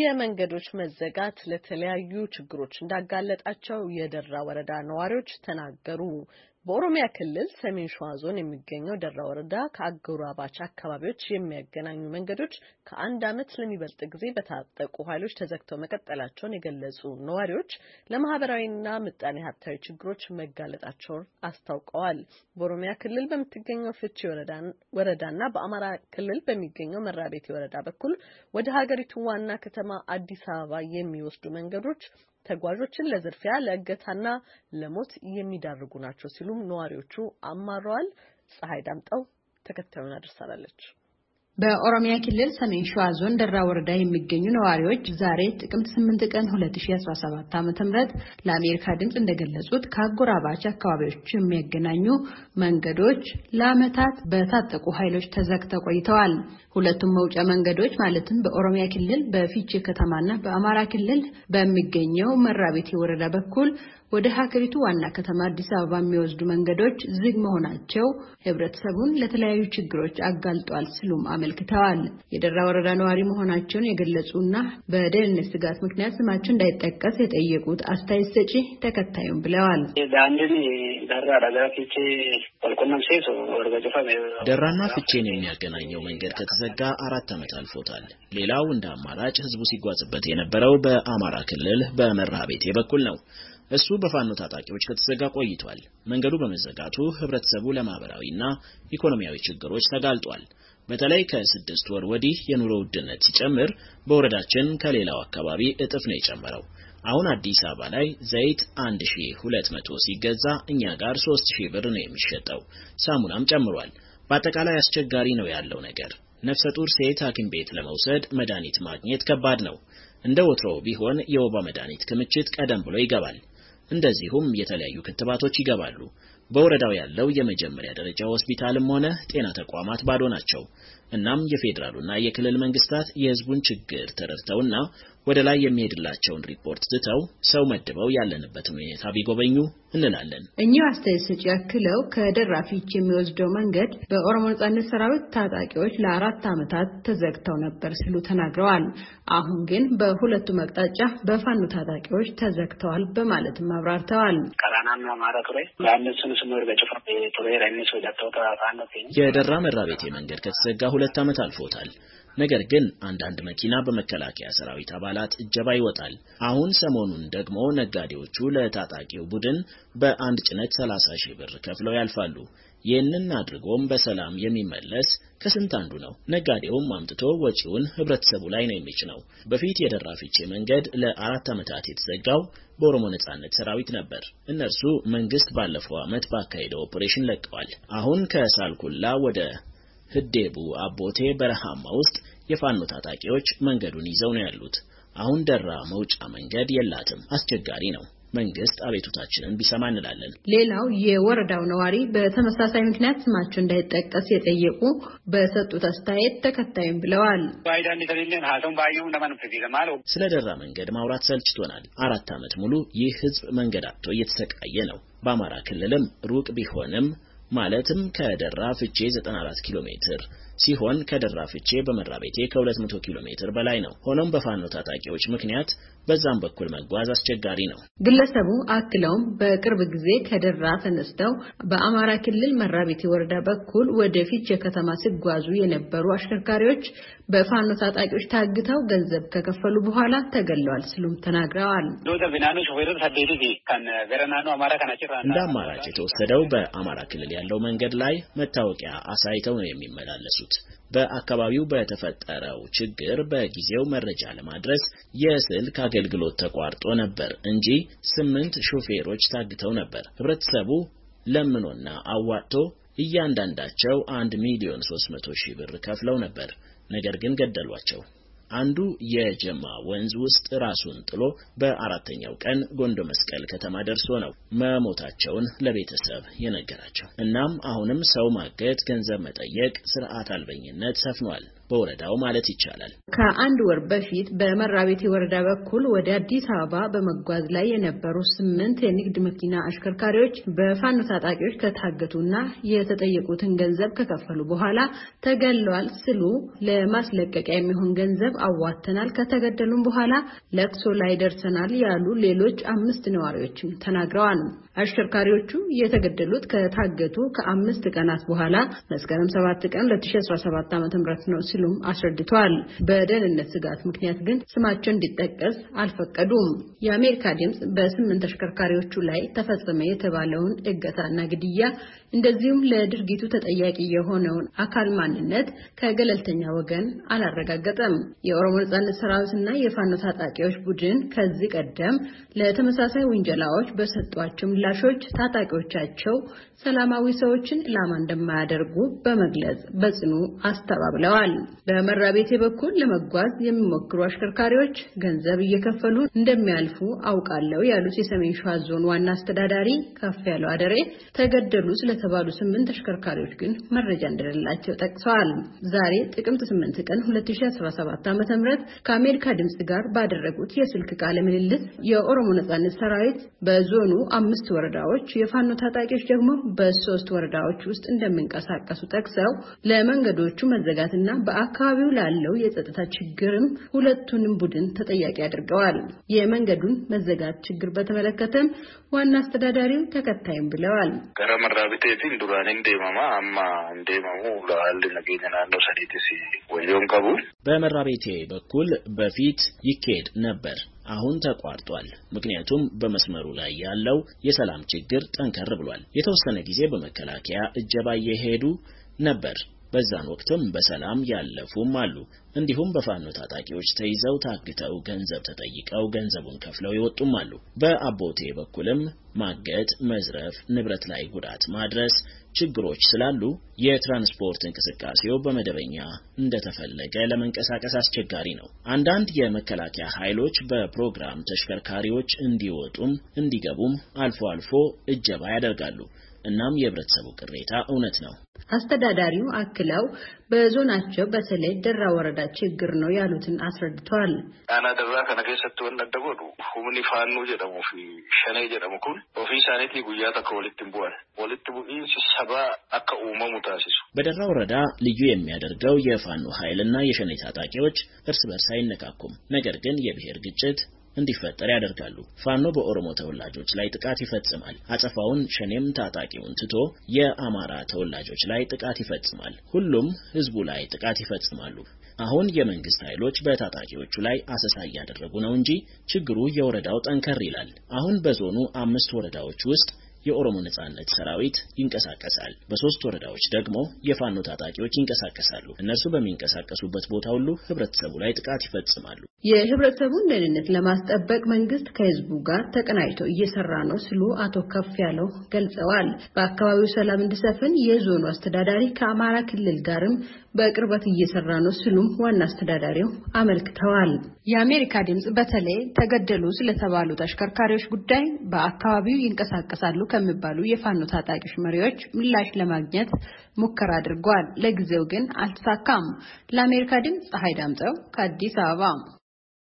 የመንገዶች መዘጋት ለተለያዩ ችግሮች እንዳጋለጣቸው የደራ ወረዳ ነዋሪዎች ተናገሩ። በኦሮሚያ ክልል ሰሜን ሸዋ ዞን የሚገኘው ደራ ወረዳ ከአጎራባች አካባቢዎች የሚያገናኙ መንገዶች ከአንድ ዓመት ለሚበልጥ ጊዜ በታጠቁ ኃይሎች ተዘግተው መቀጠላቸውን የገለጹ ነዋሪዎች ለማህበራዊና ምጣኔ ሀብታዊ ችግሮች መጋለጣቸውን አስታውቀዋል። በኦሮሚያ ክልል በምትገኘው ፍቼ ወረዳና በአማራ ክልል በሚገኘው መራቤቴ ወረዳ በኩል ወደ ሀገሪቱ ዋና ከተማ አዲስ አበባ የሚወስዱ መንገዶች ተጓዦችን ለዝርፊያ ለእገታና ለሞት የሚዳርጉ ናቸው ሲሉም ነዋሪዎቹ አማረዋል። ፀሐይ ዳምጠው ተከታዩን አድርሳናለች። በኦሮሚያ ክልል ሰሜን ሸዋ ዞን ደራ ወረዳ የሚገኙ ነዋሪዎች ዛሬ ጥቅምት 8 ቀን 2017 ዓ.ም ለአሜሪካ ድምፅ እንደገለጹት ከአጎራባች አካባቢዎች የሚያገናኙ መንገዶች ለዓመታት በታጠቁ ኃይሎች ተዘግተው ቆይተዋል። ሁለቱም መውጫ መንገዶች ማለትም በኦሮሚያ ክልል በፊቼ ከተማና በአማራ ክልል በሚገኘው መራቤቴ ወረዳ በኩል ወደ ሀገሪቱ ዋና ከተማ አዲስ አበባ የሚወስዱ መንገዶች ዝግ መሆናቸው ህብረተሰቡን ለተለያዩ ችግሮች አጋልጧል ሲሉም አመልክተዋል። የደራ ወረዳ ነዋሪ መሆናቸውን የገለጹና በደህንነት ስጋት ምክንያት ስማቸው እንዳይጠቀስ የጠየቁት አስተያየት ሰጪ ተከታዩም ብለዋል። ደራና ፍቼን የሚያገናኘው መንገድ ከተዘጋ አራት ዓመት አልፎታል። ሌላው እንደ አማራጭ ህዝቡ ሲጓዝበት የነበረው በአማራ ክልል በመራ ቤቴ በኩል ነው። እሱ በፋኖ ታጣቂዎች ከተዘጋ ቆይቷል። መንገዱ በመዘጋቱ ህብረተሰቡ ለማህበራዊና ኢኮኖሚያዊ ችግሮች ተጋልጧል። በተለይ ከስድስት ወር ወዲህ የኑሮ ውድነት ሲጨምር በወረዳችን ከሌላው አካባቢ እጥፍ ነው የጨመረው። አሁን አዲስ አበባ ላይ ዘይት 1200 ሲገዛ እኛ ጋር 3000 ብር ነው የሚሸጠው። ሳሙናም ጨምሯል። በአጠቃላይ አስቸጋሪ ነው ያለው ነገር። ነፍሰ ጡር ሴት ሐኪም ቤት ለመውሰድ መድኃኒት ማግኘት ከባድ ነው። እንደ ወትሮው ቢሆን የወባ መድኃኒት ክምችት ቀደም ብሎ ይገባል። እንደዚሁም የተለያዩ ክትባቶች ይገባሉ። በወረዳው ያለው የመጀመሪያ ደረጃ ሆስፒታልም ሆነ ጤና ተቋማት ባዶ ናቸው። እናም የፌዴራሉና የክልል መንግስታት የህዝቡን ችግር ተረድተውና ወደ ላይ የሚሄድላቸውን ሪፖርት ትተው ሰው መድበው ያለንበትን ሁኔታ ቢጎበኙ እንላለን። እኚህ አስተያየት ሰጪ ያክለው ከደራ ፊች የሚወስደው መንገድ በኦሮሞ ነጻነት ሰራዊት ታጣቂዎች ለአራት ዓመታት ተዘግተው ነበር ሲሉ ተናግረዋል። አሁን ግን በሁለቱም አቅጣጫ በፋኑ ታጣቂዎች ተዘግተዋል በማለትም አብራርተዋል። የደራ ቤቴ መንገድ ከተዘጋ ሁለት ዓመት አልፎታል። ነገር ግን አንዳንድ መኪና በመከላከያ ሰራዊት አባል አባላት እጀባ ይወጣል። አሁን ሰሞኑን ደግሞ ነጋዴዎቹ ለታጣቂው ቡድን በአንድ ጭነት 30 ሺህ ብር ከፍለው ያልፋሉ። ይህንን አድርጎም በሰላም የሚመለስ ከስንት አንዱ ነው። ነጋዴውም አምጥቶ ወጪውን ህብረተሰቡ ላይ ነው የሚጭነው። በፊት የደራፊቼ መንገድ ለአራት ዓመታት የተዘጋው በኦሮሞ ነጻነት ሰራዊት ነበር። እነርሱ መንግስት ባለፈው ዓመት ባካሄደው ኦፕሬሽን ለቀዋል። አሁን ከሳልኩላ ወደ ህዴቡ አቦቴ በረሃማ ውስጥ የፋኖ ታጣቂዎች መንገዱን ይዘው ነው ያሉት። አሁን ደራ መውጫ መንገድ የላትም፣ አስቸጋሪ ነው። መንግስት አቤቱታችንን ቢሰማ እንላለን። ሌላው የወረዳው ነዋሪ በተመሳሳይ ምክንያት ስማቸው እንዳይጠቀስ የጠየቁ በሰጡት አስተያየት ተከታዩም ብለዋል። ስለ ደራ መንገድ ማውራት ሰልችቶናል። አራት ዓመት ሙሉ ይህ ህዝብ መንገድ አጥቶ እየተሰቃየ ነው። በአማራ ክልልም ሩቅ ቢሆንም ማለትም ከደራ ፍቼ 94 ኪሎ ሜትር ሲሆን ከደራ ፍቼ በመራ ቤቴ ከ200 ኪሎ ሜትር በላይ ነው። ሆኖም በፋኖ ታጣቂዎች ምክንያት በዛም በኩል መጓዝ አስቸጋሪ ነው። ግለሰቡ አክለውም በቅርብ ጊዜ ከደራ ተነስተው በአማራ ክልል መራ ቤቴ ወረዳ በኩል ወደ ፊቼ ከተማ ሲጓዙ የነበሩ አሽከርካሪዎች በፋኖ ታጣቂዎች ታግተው ገንዘብ ከከፈሉ በኋላ ተገለዋል ሲሉም ተናግረዋል። እንደ አማራጭ የተወሰደው በአማራ ክልል ያለው መንገድ ላይ መታወቂያ አሳይተው ነው የሚመላለሱት። ያሉት በአካባቢው በተፈጠረው ችግር በጊዜው መረጃ ለማድረስ የስልክ አገልግሎት ተቋርጦ ነበር እንጂ ስምንት ሾፌሮች ታግተው ነበር። ህብረተሰቡ ለምኖና አዋጥቶ እያንዳንዳቸው አንድ ሚሊዮን ሶስት መቶ ሺህ ብር ከፍለው ነበር። ነገር ግን ገደሏቸው። አንዱ የጀማ ወንዝ ውስጥ ራሱን ጥሎ በአራተኛው ቀን ጎንዶ መስቀል ከተማ ደርሶ ነው መሞታቸውን ለቤተሰብ የነገራቸው። እናም አሁንም ሰው ማገት፣ ገንዘብ መጠየቅ፣ ስርዓት አልበኝነት ሰፍኗል። በወረዳው ማለት ይቻላል። ከአንድ ወር በፊት በመራቤቴ ወረዳ በኩል ወደ አዲስ አበባ በመጓዝ ላይ የነበሩ ስምንት የንግድ መኪና አሽከርካሪዎች በፋኖ ታጣቂዎች ከታገቱና የተጠየቁትን ገንዘብ ከከፈሉ በኋላ ተገለዋል ስሉ ለማስለቀቂያ የሚሆን ገንዘብ አዋተናል፣ ከተገደሉም በኋላ ለቅሶ ላይ ደርሰናል ያሉ ሌሎች አምስት ነዋሪዎችም ተናግረዋል። አሽከርካሪዎቹ የተገደሉት ከታገቱ ከአምስት ቀናት በኋላ መስከረም 7 ቀን 2017 .ም ነው ሲሉ ሲሉም አስረድተዋል። በደህንነት ስጋት ምክንያት ግን ስማቸው እንዲጠቀስ አልፈቀዱም። የአሜሪካ ድምፅ በስምንት ተሽከርካሪዎቹ ላይ ተፈጸመ የተባለውን እገታና ግድያ እንደዚሁም ለድርጊቱ ተጠያቂ የሆነውን አካል ማንነት ከገለልተኛ ወገን አላረጋገጠም። የኦሮሞ ነጻነት ሰራዊት እና የፋኖ ታጣቂዎች ቡድን ከዚህ ቀደም ለተመሳሳይ ውንጀላዎች በሰጧቸው ምላሾች ታጣቂዎቻቸው ሰላማዊ ሰዎችን ኢላማ እንደማያደርጉ በመግለጽ በጽኑ አስተባብለዋል። በመራቤቴ በኩል ለመጓዝ የሚሞክሩ አሽከርካሪዎች ገንዘብ እየከፈሉ እንደሚያልፉ አውቃለሁ ያሉት የሰሜን ሸዋ ዞን ዋና አስተዳዳሪ ከፍ ያለው አደሬ ተገደሉ ስለተባሉ ስምንት አሽከርካሪዎች ግን መረጃ እንደሌላቸው ጠቅሰዋል። ዛሬ ጥቅምት 8 ቀን 2017 ዓ ም ከአሜሪካ ድምፅ ጋር ባደረጉት የስልክ ቃለ ምልልስ የኦሮሞ ነጻነት ሰራዊት በዞኑ አምስት ወረዳዎች የፋኖ ታጣቂዎች ደግሞ በሶስት ወረዳዎች ውስጥ እንደሚንቀሳቀሱ ጠቅሰው ለመንገዶቹ መዘጋትና በ በአካባቢው ላለው የጸጥታ ችግርም ሁለቱንም ቡድን ተጠያቂ አድርገዋል። የመንገዱን መዘጋት ችግር በተመለከተም ዋና አስተዳዳሪው ተከታይም ብለዋል። ገረ መራቢቴቲን ዱራን እንዴመማ አማ እንዴመሙ ለአል ነገኝ ናኖ ወዮን ቀቡ በመራቤቴ በኩል በፊት ይካሄድ ነበር አሁን ተቋርጧል። ምክንያቱም በመስመሩ ላይ ያለው የሰላም ችግር ጠንከር ብሏል። የተወሰነ ጊዜ በመከላከያ እጀባ እየሄዱ ነበር። በዛን ወቅትም በሰላም ያለፉም አሉ። እንዲሁም በፋኖ ታጣቂዎች ተይዘው ታግተው ገንዘብ ተጠይቀው ገንዘቡን ከፍለው ይወጡም አሉ። በአቦቴ በኩልም ማገት፣ መዝረፍ፣ ንብረት ላይ ጉዳት ማድረስ ችግሮች ስላሉ የትራንስፖርት እንቅስቃሴው በመደበኛ እንደተፈለገ ለመንቀሳቀስ አስቸጋሪ ነው። አንዳንድ የመከላከያ ኃይሎች በፕሮግራም ተሽከርካሪዎች እንዲወጡም እንዲገቡም አልፎ አልፎ እጀባ ያደርጋሉ። እናም የህብረተሰቡ ቅሬታ እውነት ነው። አስተዳዳሪው አክለው በዞናቸው በተለይ ደራ ወረዳ ችግር ነው ያሉትን አስረድተዋል። ጣና ደራ ከነገ ሰቶ ወነደጎ ሁምኒ ፋኖ ጀደሙ ፊ ሸኔ ጀደሙ ኩን ኦፊ ሳኔት ጉያ ተከ ወልት ቡዋል ወልት ቡኢን ስሰባ አከ ኡመሙ ታሲሱ በደራ ወረዳ ልዩ የሚያደርገው የፋኑ ኃይልና የሸኔ ታጣቂዎች እርስ በርስ አይነካኩም። ነገር ግን የብሔር ግጭት እንዲፈጠር ያደርጋሉ። ፋኖ በኦሮሞ ተወላጆች ላይ ጥቃት ይፈጽማል። አጸፋውን ሸኔም ታጣቂውን ትቶ የአማራ ተወላጆች ላይ ጥቃት ይፈጽማል። ሁሉም ህዝቡ ላይ ጥቃት ይፈጽማሉ። አሁን የመንግስት ኃይሎች በታጣቂዎቹ ላይ አሰሳ እያደረጉ ነው እንጂ ችግሩ የወረዳው ጠንከር ይላል። አሁን በዞኑ አምስት ወረዳዎች ውስጥ የኦሮሞ ነጻነት ሰራዊት ይንቀሳቀሳል። በሶስት ወረዳዎች ደግሞ የፋኖ ታጣቂዎች ይንቀሳቀሳሉ። እነሱ በሚንቀሳቀሱበት ቦታ ሁሉ ህብረተሰቡ ላይ ጥቃት ይፈጽማሉ። የህብረተሰቡን ደህንነት ለማስጠበቅ መንግስት ከህዝቡ ጋር ተቀናጅቶ እየሰራ ነው ሲሉ አቶ ከፍ ያለው ገልጸዋል። በአካባቢው ሰላም እንዲሰፍን የዞኑ አስተዳዳሪ ከአማራ ክልል ጋርም በቅርበት እየሰራ ነው ሲሉም ዋና አስተዳዳሪው አመልክተዋል። የአሜሪካ ድምፅ በተለይ ተገደሉ ስለተባሉ ተሽከርካሪዎች ጉዳይ በአካባቢው ይንቀሳቀሳሉ ከሚባሉ የፋኖ ታጣቂዎች መሪዎች ምላሽ ለማግኘት ሙከራ አድርጓል። ለጊዜው ግን አልተሳካም። ለአሜሪካ ድምፅ ፀሐይ ዳምጠው ከአዲስ አበባ